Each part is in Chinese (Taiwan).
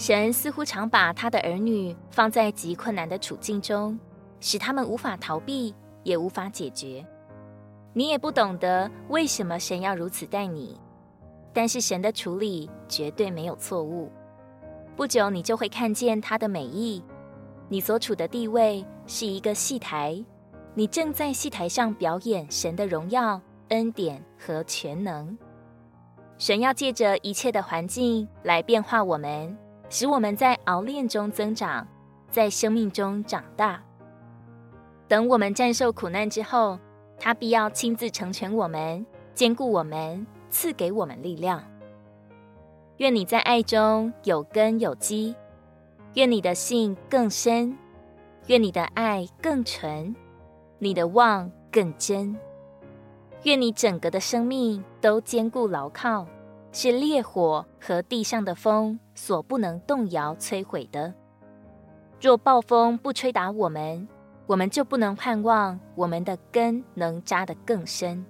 神似乎常把他的兒女放在極困難的處境中，使他們無法逃避，也無法解決。你也不懂得為什麼神要如此待你，但是神的處理絕對沒有錯誤。不久，你就會看見他的美意。你所處的地位是一個戲台，你正在戲台上表演神的榮耀、恩典和全能。神要借着一切的環境來變化我們。使我們在熬煉中增長，在生命中長大。等我們戰勝苦難之後，他必要親自成全我們，堅固我們，賜給我們力量。願你在愛中有根有基，願你的信更深，願你的愛更純，你的望更真，願你整個的生命都堅固牢靠。是烈火和地上的風所不能動搖摧毀的。若暴風不吹打我們，我們就不能盼望我們的根能扎得更深。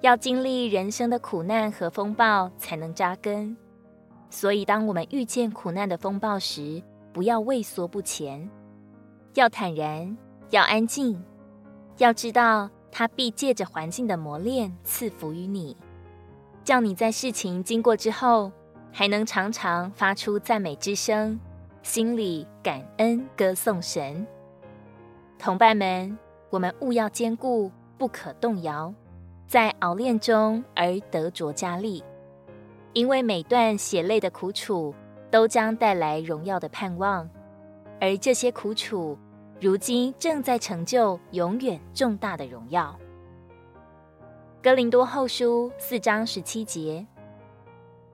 要經歷人生的苦難和風暴，才能扎根。所以，當我們遇見苦難的風暴時，不要畏縮不前，要坦然，要安靜。要知道，他必借着環境的磨練，賜福於你。叫你在事情經過之後，還能常常發出讚美之聲，心裡感恩歌頌神。同伴們，我們務要堅固，不可動搖，在熬煉中而得着加力。因為每段血淚的苦楚，都將帶來榮耀的盼望；而這些苦楚，如今正在成就永遠重大的榮耀。哥林多後書四章十七節，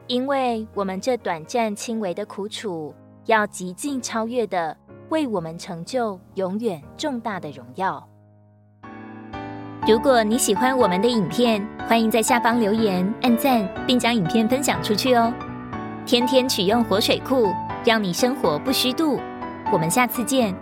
因為我們這短暫輕微的苦楚，要極盡超越的，為我們成就永遠重大的榮耀。如果你喜歡我們的影片，歡迎在下方留言、按贊，並將影片分享出去哦。天天取用活水庫，讓你生活不虛度。我們下次見。